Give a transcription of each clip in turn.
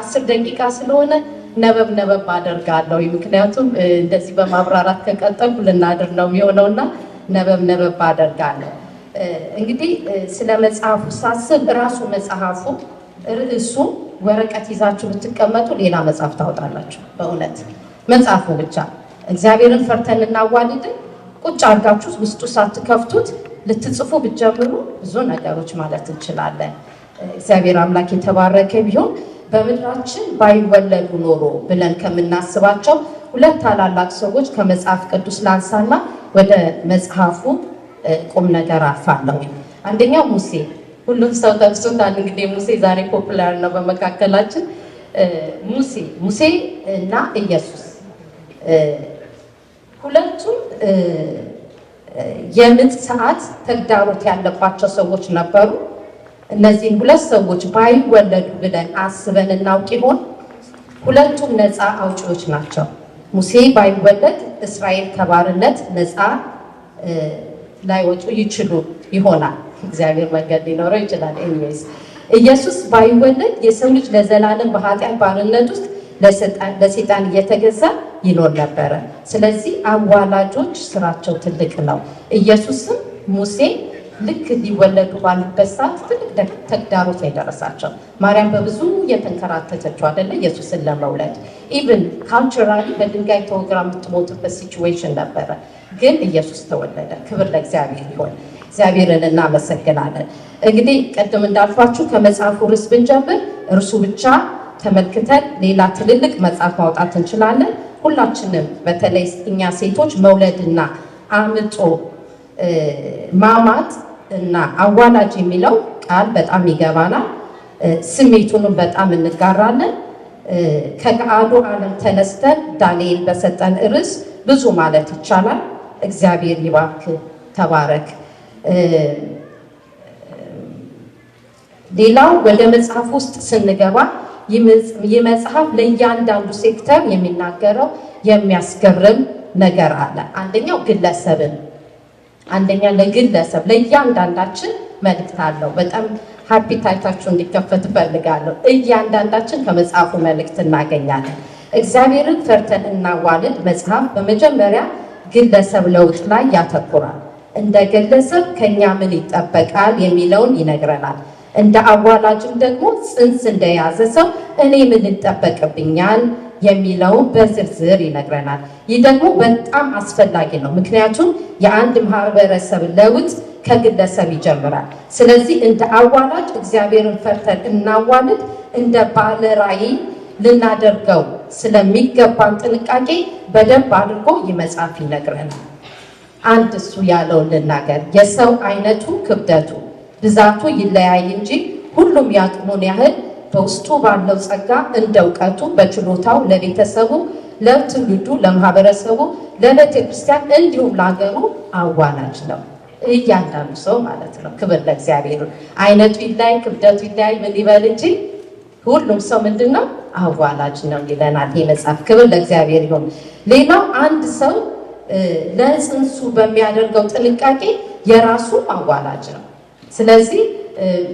አስር ደቂቃ ስለሆነ ነበብ ነበብ አደርጋለሁ። ምክንያቱም እንደዚህ በማብራራት ከቀጠልኩ ልናድር ነው የሚሆነው እና ነበብ ነበብ አደርጋለሁ። እንግዲህ ስለ መጽሐፉ ሳስብ እራሱ መጽሐፉ ርዕሱ ወረቀት ይዛችሁ ብትቀመጡ ሌላ መጽሐፍ ታወጣላችሁ። በእውነት መጽሐፉ ብቻ እግዚአብሔርን ፈርተን እናዋልድን ቁጭ አድርጋችሁ ውስጡ ሳትከፍቱት ልትጽፉ ብትጀምሩ ብዙ ነገሮች ማለት እንችላለን። እግዚአብሔር አምላክ የተባረከ ቢሆን በምድራችን ባይወለዱ ኖሮ ብለን ከምናስባቸው ሁለት ታላላቅ ሰዎች ከመጽሐፍ ቅዱስ ላንሳና ወደ መጽሐፉ ቁም ነገር አልፋለሁ። አንደኛው ሙሴ ሁሉም ሰው ተብሶታል እንግዲህ ሙሴ ዛሬ ፖፑላር ነው በመካከላችን። ሙሴ ሙሴ እና ኢየሱስ ሁለቱም የምጥ ሰዓት ተግዳሮት ያለባቸው ሰዎች ነበሩ። እነዚህን ሁለት ሰዎች ባይወለዱ ብለን አስበን እናውቅ ይሆን? ሁለቱም ነፃ አውጪዎች ናቸው። ሙሴ ባይወለድ እስራኤል ከባርነት ነፃ ላይወጡ ይችሉ ይሆናል። እግዚአብሔር መንገድ ሊኖረው ይችላል። ኤኒዌይስ ኢየሱስ ባይወለድ የሰው ልጅ ለዘላለም በኃጢአት ባርነት ውስጥ ለሴጣን እየተገዛ ይኖር ነበረ። ስለዚህ አዋላጆች ስራቸው ትልቅ ነው። ኢየሱስም ሙሴ ልክ ሊወለዱ ባሉበት ሰዓት ትልቅ ተግዳሮት ላይ ደረሳቸው። ማርያም በብዙ የተንከራተተችው አደለ ኢየሱስን ለመውለድ ኢቭን ካልቸራሊ በድንጋይ ተወግራ የምትሞትበት ሲችዌሽን ነበረ። ግን ኢየሱስ ተወለደ። ክብር ለእግዚአብሔር ይሆን። እግዚአብሔርን እናመሰግናለን። እንግዲህ ቅድም እንዳልኳችሁ ከመጽሐፉ ርዕስ ብንጀምር እርሱ ብቻ ተመልክተን ሌላ ትልልቅ መጽሐፍ ማውጣት እንችላለን። ሁላችንም በተለይ እኛ ሴቶች መውለድና አምጦ ማማት እና አዋላጅ የሚለው ቃል በጣም ይገባናል። ስሜቱንም በጣም እንጋራለን። ከገሃዱ ዓለም ተነስተን ዳንኤል በሰጠን ርዕስ ብዙ ማለት ይቻላል። እግዚአብሔር ይባርክ፣ ተባረክ። ሌላው ወደ መጽሐፍ ውስጥ ስንገባ ይህ መጽሐፍ ለእያንዳንዱ ሴክተር የሚናገረው የሚያስገርም ነገር አለ። አንደኛው ግለሰብን አንደኛ ለግለሰብ ለእያንዳንዳችን መልእክት አለው። በጣም ሀፒታይታችሁ እንዲከፈት እፈልጋለሁ። እያንዳንዳችን ከመጽሐፉ መልእክት እናገኛለን። እግዚአብሔርን ፈርተን እናዋልድ መጽሐፍ በመጀመሪያ ግለሰብ ለውጥ ላይ ያተኩራል። እንደ ግለሰብ ከኛ ምን ይጠበቃል የሚለውን ይነግረናል። እንደ አዋላጅም ደግሞ ጽንስ እንደያዘ ሰው እኔ ምን ይጠበቅብኛል የሚለው በዝርዝር ይነግረናል። ይህ ደግሞ በጣም አስፈላጊ ነው፣ ምክንያቱም የአንድ ማህበረሰብ ለውጥ ከግለሰብ ይጀምራል። ስለዚህ እንደ አዋላጅ እግዚአብሔርን ፈርተን እናዋልድ፣ እንደ ባለራይ ልናደርገው ስለሚገባን ጥንቃቄ በደንብ አድርጎ መጽሐፍ ይነግረናል። አንድ እሱ ያለውን ልናገር። የሰው አይነቱ ክብደቱ ብዛቱ ይለያይ እንጂ ሁሉም ያቅሙን ያህል በውስጡ ባለው ጸጋ እንደ እውቀቱ በችሎታው ለቤተሰቡ፣ ለትውልዱ፣ ለማህበረሰቡ፣ ለቤተ ክርስቲያን እንዲሁም ለሀገሩ አዋላጅ ነው። እያንዳንዱ ሰው ማለት ነው። ክብር ለእግዚአብሔር። አይነቱ ይላይ፣ ክብደቱ ይላይ፣ ምን ይበል እንጂ ሁሉም ሰው ምንድን ነው አዋላጅ ነው ይለናል ይህ መጽሐፍ። ክብር ለእግዚአብሔር ይሁን። ሌላው አንድ ሰው ለጽንሱ በሚያደርገው ጥንቃቄ የራሱ አዋላጅ ነው። ስለዚህ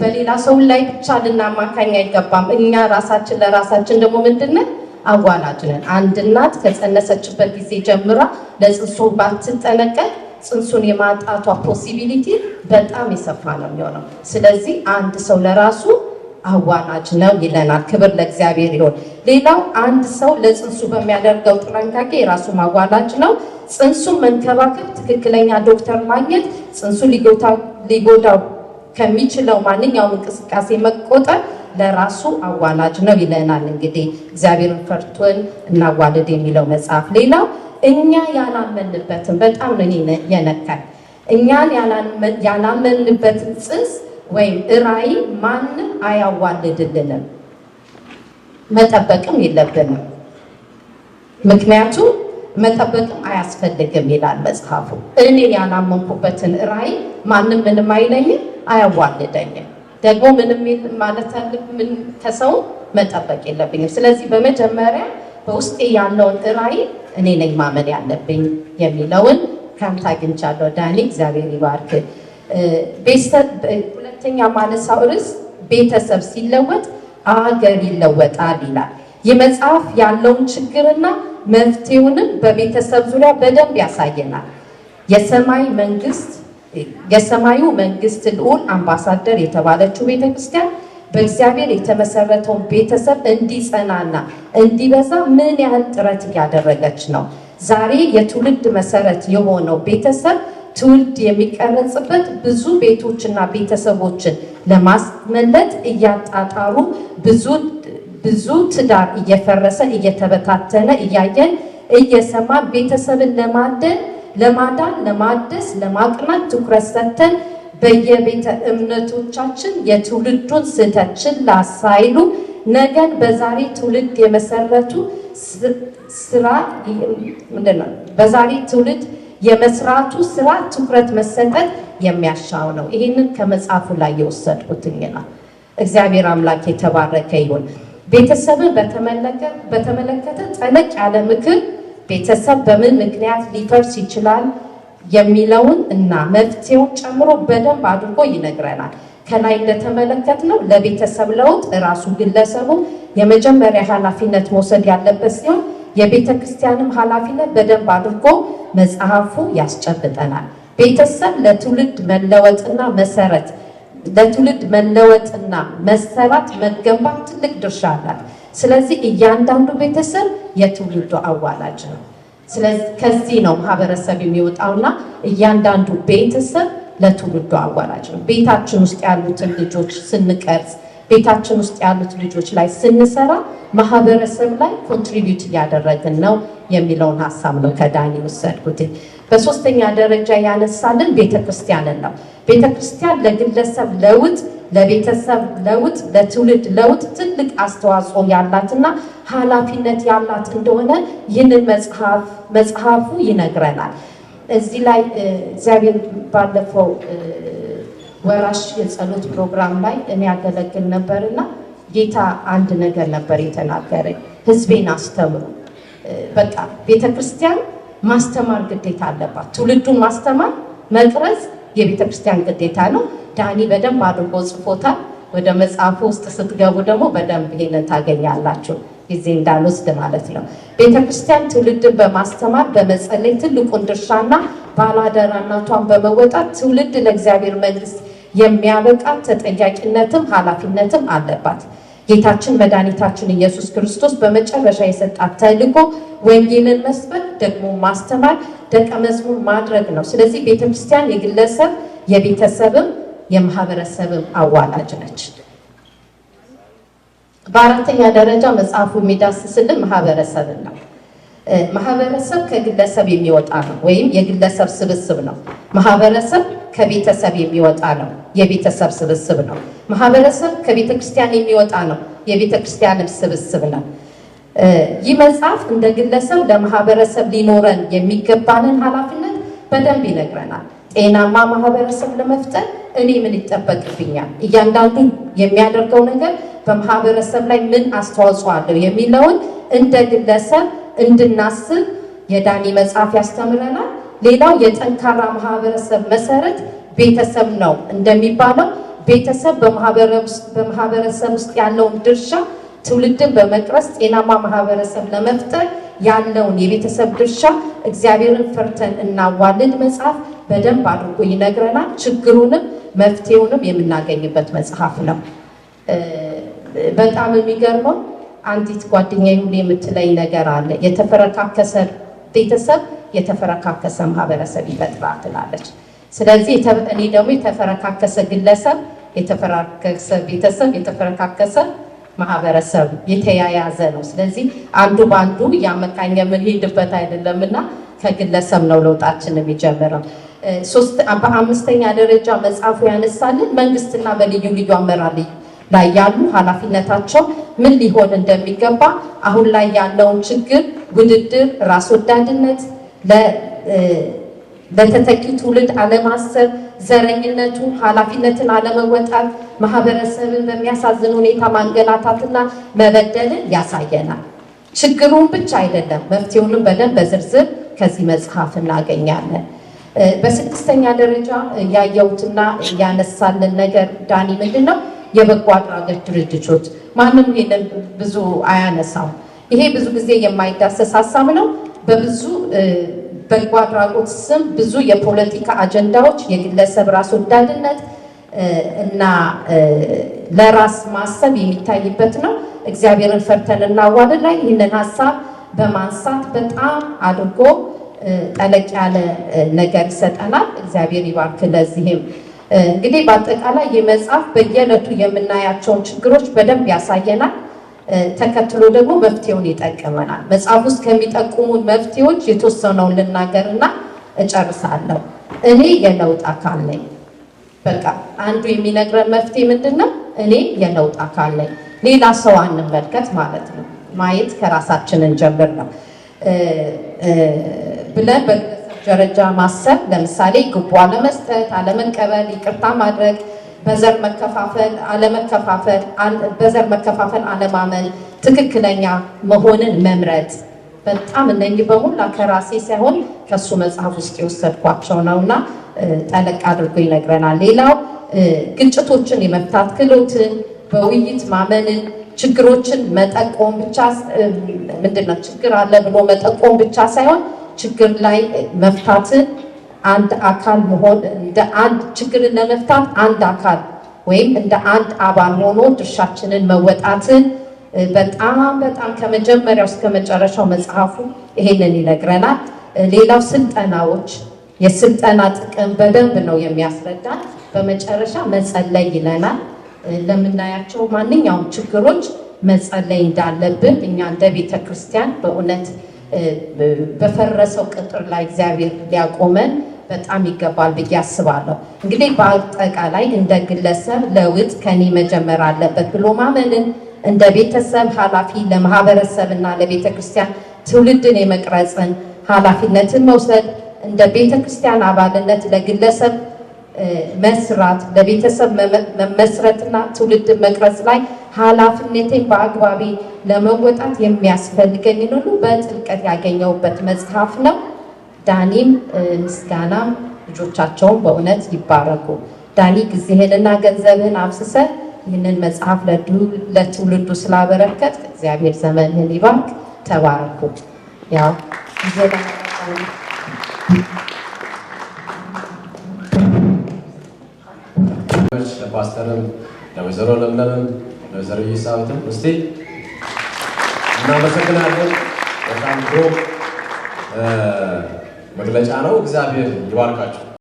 በሌላ ሰው ላይ ብቻ ልናማካኝ አይገባም። እኛ ራሳችን ለራሳችን ደግሞ ምንድነን አዋላጅ ነን። አንድ እናት ከጸነሰችበት ጊዜ ጀምራ ለጽንሱ ባትጠነቀቅ ጽንሱን የማጣቷ ፖሲቢሊቲ በጣም የሰፋ ነው የሚሆነው። ስለዚህ አንድ ሰው ለራሱ አዋናጅ ነው ይለናል። ክብር ለእግዚአብሔር ይሆን። ሌላው አንድ ሰው ለጽንሱ በሚያደርገው ጥንቃቄ የራሱ ማዋላጅ ነው። ጽንሱን መንከባከብ፣ ትክክለኛ ዶክተር ማግኘት ጽንሱ ሊጎዳው ከሚችለው ማንኛውም እንቅስቃሴ መቆጠር ለራሱ አዋላጅ ነው ይለናል። እንግዲህ እግዚአብሔርን ፈርቶን እናዋልድ የሚለው መጽሐፍ። ሌላው እኛ ያላመንበትን በጣም ነው የነካል። እኛን ያላመንበትን ጽንስ ወይም እራይ ማንም አያዋልድልንም፣ መጠበቅም የለብንም። ምክንያቱም መጠበቅም አያስፈልግም ይላል መጽሐፉ። እኔ ያላመንኩበትን ራይ ማንም ምንም አይለኝም አያዋልደኝም። ደግሞ ምንም ማለት ምን ከሰው መጠበቅ የለብኝም። ስለዚህ በመጀመሪያ በውስጤ ያለውን ራዕይ እኔ ነኝ ማመን ያለብኝ የሚለውን ካንተ አግኝቻለሁ። ዳኒ እግዚአብሔር ይባርክ። ሁለተኛ ማነሳው ርዕስ ቤተሰብ ሲለወጥ አገር ይለወጣል ይላል። የመጽሐፍ ያለውን ችግርና መፍትሄውንም በቤተሰብ ዙሪያ በደንብ ያሳየናል። የሰማይ መንግስት የሰማዩ መንግስት ልዑል አምባሳደር የተባለችው ቤተክርስቲያን በእግዚአብሔር የተመሰረተውን ቤተሰብ እንዲጸናና እንዲበዛ ምን ያህል ጥረት እያደረገች ነው? ዛሬ የትውልድ መሰረት የሆነው ቤተሰብ ትውልድ የሚቀረጽበት ብዙ ቤቶችና ቤተሰቦችን ለማስመለጥ እያጣጣሩ ብዙ ትዳር እየፈረሰ እየተበታተነ እያየን እየሰማን ቤተሰብን ለማደን ለማዳን፣ ለማደስ፣ ለማቅናት ትኩረት ሰጥተን በየቤተ እምነቶቻችን የትውልዱን ስህተት ችላ ሳይሉ ነገን በዛሬ ትውልድ የመሰረቱ ስራ ምንድን ነው? በዛሬ ትውልድ የመስራቱ ስራ ትኩረት መሰጠት የሚያሻው ነው። ይህንን ከመጽሐፉ ላይ የወሰድኩትኝ ነው። እግዚአብሔር አምላክ የተባረከ ይሁን። ቤተሰብን በተመለከተ ጠለቅ ያለ ምክር ቤተሰብ በምን ምክንያት ሊፈርስ ይችላል የሚለውን እና መፍትሄውን ጨምሮ በደንብ አድርጎ ይነግረናል። ከላይ እንደተመለከትነው ለቤተሰብ ለውጥ እራሱ ግለሰቡ የመጀመሪያ ኃላፊነት መውሰድ ያለበት ሲሆን የቤተ ክርስቲያንም ኃላፊነት በደንብ አድርጎ መጽሐፉ ያስጨብጠናል። ቤተሰብ ለትውልድ መለወጥና መሰረት ለትውልድ መለወጥና መሰራት መገንባት ትልቅ ድርሻ አላት። ስለዚህ እያንዳንዱ ቤተሰብ የትውልዱ አዋላጅ ነው። ስለዚህ ከዚህ ነው ማህበረሰብ የሚወጣውና እያንዳንዱ ቤተሰብ ለትውልዱ አዋላጅ ነው። ቤታችን ውስጥ ያሉትን ልጆች ስንቀርጽ፣ ቤታችን ውስጥ ያሉት ልጆች ላይ ስንሰራ ማህበረሰብ ላይ ኮንትሪቢዩት እያደረግን ነው የሚለውን ሀሳብ ነው ከዳኒ ወሰድኩት። በሶስተኛ ደረጃ ያነሳልን ቤተ ክርስቲያንን ነው። ቤተ ክርስቲያን ለግለሰብ ለውጥ፣ ለቤተሰብ ለውጥ፣ ለትውልድ ለውጥ ትልቅ አስተዋጽኦ ያላትና ኃላፊነት ያላት እንደሆነ ይህንን መጽሐፉ ይነግረናል። እዚህ ላይ እግዚአብሔር ባለፈው ወራሽ የጸሎት ፕሮግራም ላይ እኔ ያገለግል ነበርና ጌታ አንድ ነገር ነበር የተናገረኝ፣ ህዝቤን አስተምሩ። በቃ ቤተክርስቲያን ማስተማር ግዴታ አለባት። ትውልዱን ማስተማር መቅረጽ የቤተ ክርስቲያን ግዴታ ነው። ዳኒ በደንብ አድርጎ ጽፎታል። ወደ መጽሐፉ ውስጥ ስትገቡ ደግሞ በደንብ ይሄንን ታገኛላችሁ። ጊዜ እንዳልወስድ ማለት ነው። ቤተ ክርስቲያን ትውልድን በማስተማር በመጸለይ ትልቁን ድርሻና ባላደራናቷን በመወጣት ትውልድ ለእግዚአብሔር መንግስት የሚያበቃ ተጠያቂነትም ኃላፊነትም አለባት። ጌታችን መድኃኒታችን ኢየሱስ ክርስቶስ በመጨረሻ የሰጣት ተልእኮ ወንጌልን መስበክ፣ ደግሞ ማስተማር፣ ደቀ መዝሙር ማድረግ ነው። ስለዚህ ቤተክርስቲያን የግለሰብ የቤተሰብም የማህበረሰብም አዋላጅ ነች። በአራተኛ ደረጃ መጽሐፉ የሚዳስስልን ማህበረሰብን ነው። ማህበረሰብ ከግለሰብ የሚወጣ ነው ወይም የግለሰብ ስብስብ ነው። ማህበረሰብ ከቤተሰብ የሚወጣ ነው፣ የቤተሰብ ስብስብ ነው። ማህበረሰብ ከቤተ ክርስቲያን የሚወጣ ነው፣ የቤተ ክርስቲያንም ስብስብ ነው። ይህ መጽሐፍ እንደ ግለሰብ ለማህበረሰብ ሊኖረን የሚገባንን ኃላፊነት በደንብ ይነግረናል። ጤናማ ማህበረሰብ ለመፍጠር እኔ ምን ይጠበቅብኛል፣ እያንዳንዱ የሚያደርገው ነገር በማህበረሰብ ላይ ምን አስተዋጽኦ አለው የሚለውን እንደ ግለሰብ እንድናስብ የዳኒ መጽሐፍ ያስተምረናል። ሌላው የጠንካራ ማህበረሰብ መሰረት ቤተሰብ ነው እንደሚባለው ቤተሰብ በማህበረሰብ ውስጥ ያለውን ድርሻ ትውልድን በመቅረጽ ጤናማ ማህበረሰብ ለመፍጠር ያለውን የቤተሰብ ድርሻ እግዚአብሔርን ፈርተን እናዋልድ መጽሐፍ በደንብ አድርጎ ይነግረናል። ችግሩንም መፍትሄውንም የምናገኝበት መጽሐፍ ነው። በጣም የሚገርመው አንዲት ጓደኛ ሁሌ የምትለኝ ነገር አለ። የተፈረካከሰ ቤተሰብ የተፈረካከሰ ማህበረሰብ ይፈጥራል ትላለች። ስለዚህ እኔ ደግሞ የተፈረካከሰ ግለሰብ፣ የተፈረካከሰ ቤተሰብ፣ የተፈረካከሰ ማህበረሰብ የተያያዘ ነው። ስለዚህ አንዱ በአንዱ እያመካኘ የምንሄድበት አይደለም እና ከግለሰብ ነው ለውጣችን የሚጀምረው። በአምስተኛ ደረጃ መጽሐፉ ያነሳልን መንግስትና በልዩ ልዩ አመራር ላይ ያሉ ኃላፊነታቸው ምን ሊሆን እንደሚገባ አሁን ላይ ያለውን ችግር ውድድር፣ ራስ ወዳድነት፣ ለተተኪ ትውልድ አለማሰብ፣ ዘረኝነቱ፣ ኃላፊነትን አለመወጣት፣ ማህበረሰብን በሚያሳዝን ሁኔታ ማንገላታትና መበደልን ያሳየናል። ችግሩን ብቻ አይደለም መፍትሄውንም በደንብ በዝርዝር ከዚህ መጽሐፍ እናገኛለን። በስድስተኛ ደረጃ ያየሁትና ያነሳልን ነገር ዳኒ ምንድን ነው? የበጎ አድራጎት ድርጅቶች ማንም ይሄንን ብዙ አያነሳም። ይሄ ብዙ ጊዜ የማይዳሰስ ሀሳብ ነው። በብዙ በጎ አድራጎት ስም ብዙ የፖለቲካ አጀንዳዎች፣ የግለሰብ ራስ ወዳድነት እና ለራስ ማሰብ የሚታይበት ነው። እግዚአብሔርን ፈርተን እናዋልድ ላይ ይህንን ሀሳብ በማንሳት በጣም አድርጎ ጠለቅ ያለ ነገር ይሰጠናል። እግዚአብሔር ይባርክ። ለዚህም እንግዲህ በአጠቃላይ መጽሐፍ በየዕለቱ የምናያቸውን ችግሮች በደንብ ያሳየናል። ተከትሎ ደግሞ መፍትሄውን ይጠቅመናል። መጽሐፍ ውስጥ ከሚጠቁሙ መፍትሄዎች የተወሰነውን ልናገርና እጨርሳለሁ። እኔ የለውጥ አካል ነኝ። በቃ አንዱ የሚነግረን መፍትሄ ምንድን ነው? እኔ የለውጥ አካል ነኝ። ሌላ ሰው አንመልከት ማለት ነው። ማየት ከራሳችን እንጀምር ነው ብለን ደረጃ ማሰብ፣ ለምሳሌ ግቦ አለመስጠት፣ አለመቀበል፣ ይቅርታ ማድረግ፣ በዘር መከፋፈል አለመከፋፈል በዘር መከፋፈል አለማመን፣ ትክክለኛ መሆንን መምረጥ በጣም እነኚህ በሙላ ከራሴ ሳይሆን ከሱ መጽሐፍ ውስጥ የወሰድኳቸው ነው እና ጠለቅ አድርጎ ይነግረናል። ሌላው ግጭቶችን የመፍታት ክህሎትን፣ በውይይት ማመንን፣ ችግሮችን መጠቆም ብቻ ምንድነው ችግር አለ ብሎ መጠቆም ብቻ ሳይሆን ችግር ላይ መፍታትን አንድ አካል መሆን እንደ አንድ ችግርን ለመፍታት አንድ አካል ወይም እንደ አንድ አባል ሆኖ ድርሻችንን መወጣትን በጣም በጣም ከመጀመሪያው እስከ መጨረሻው መጽሐፉ ይሄንን ይነግረናል። ሌላው ስልጠናዎች፣ የስልጠና ጥቅም በደንብ ነው የሚያስረዳ። በመጨረሻ መጸለይ ይለናል። ለምናያቸው ማንኛውም ችግሮች መጸለይ እንዳለብን እኛ እንደ ቤተ ክርስቲያን በእውነት በፈረሰው ቅጥር ላይ እግዚአብሔር ሊያቆመን በጣም ይገባል ብዬ አስባለሁ። እንግዲህ በአጠቃላይ እንደ ግለሰብ ለውጥ ከኔ መጀመር አለበት ብሎ ማመንን እንደ ቤተሰብ ኃላፊ ለማህበረሰብና ለቤተ ክርስቲያን ትውልድን የመቅረጽን ኃላፊነትን መውሰድ እንደ ቤተ ክርስቲያን አባልነት ለግለሰብ መስራት ለቤተሰብ መመስረትና ትውልድን መቅረጽ ላይ ኃላፊነቴን በአግባቢ ለመወጣት የሚያስፈልገኝን ሁሉ በጥልቀት ያገኘውበት መጽሐፍ ነው። ዳኒም ምስጋናም ልጆቻቸውን በእውነት ይባረኩ። ዳኒ ጊዜህንና ገንዘብህን አብስሰ ይህንን መጽሐፍ ለትውልዱ ስላበረከት እግዚአብሔር ዘመንህን ይባርክ። ተባረኩ። ያው ለፓስተርም ለወይዘሮ ለምለምም ዘርዬ ሳብትን እስቲ እናመሰግናለን። በጣም ድሮ መግለጫ ነው። እግዚአብሔር ይባርካቸው።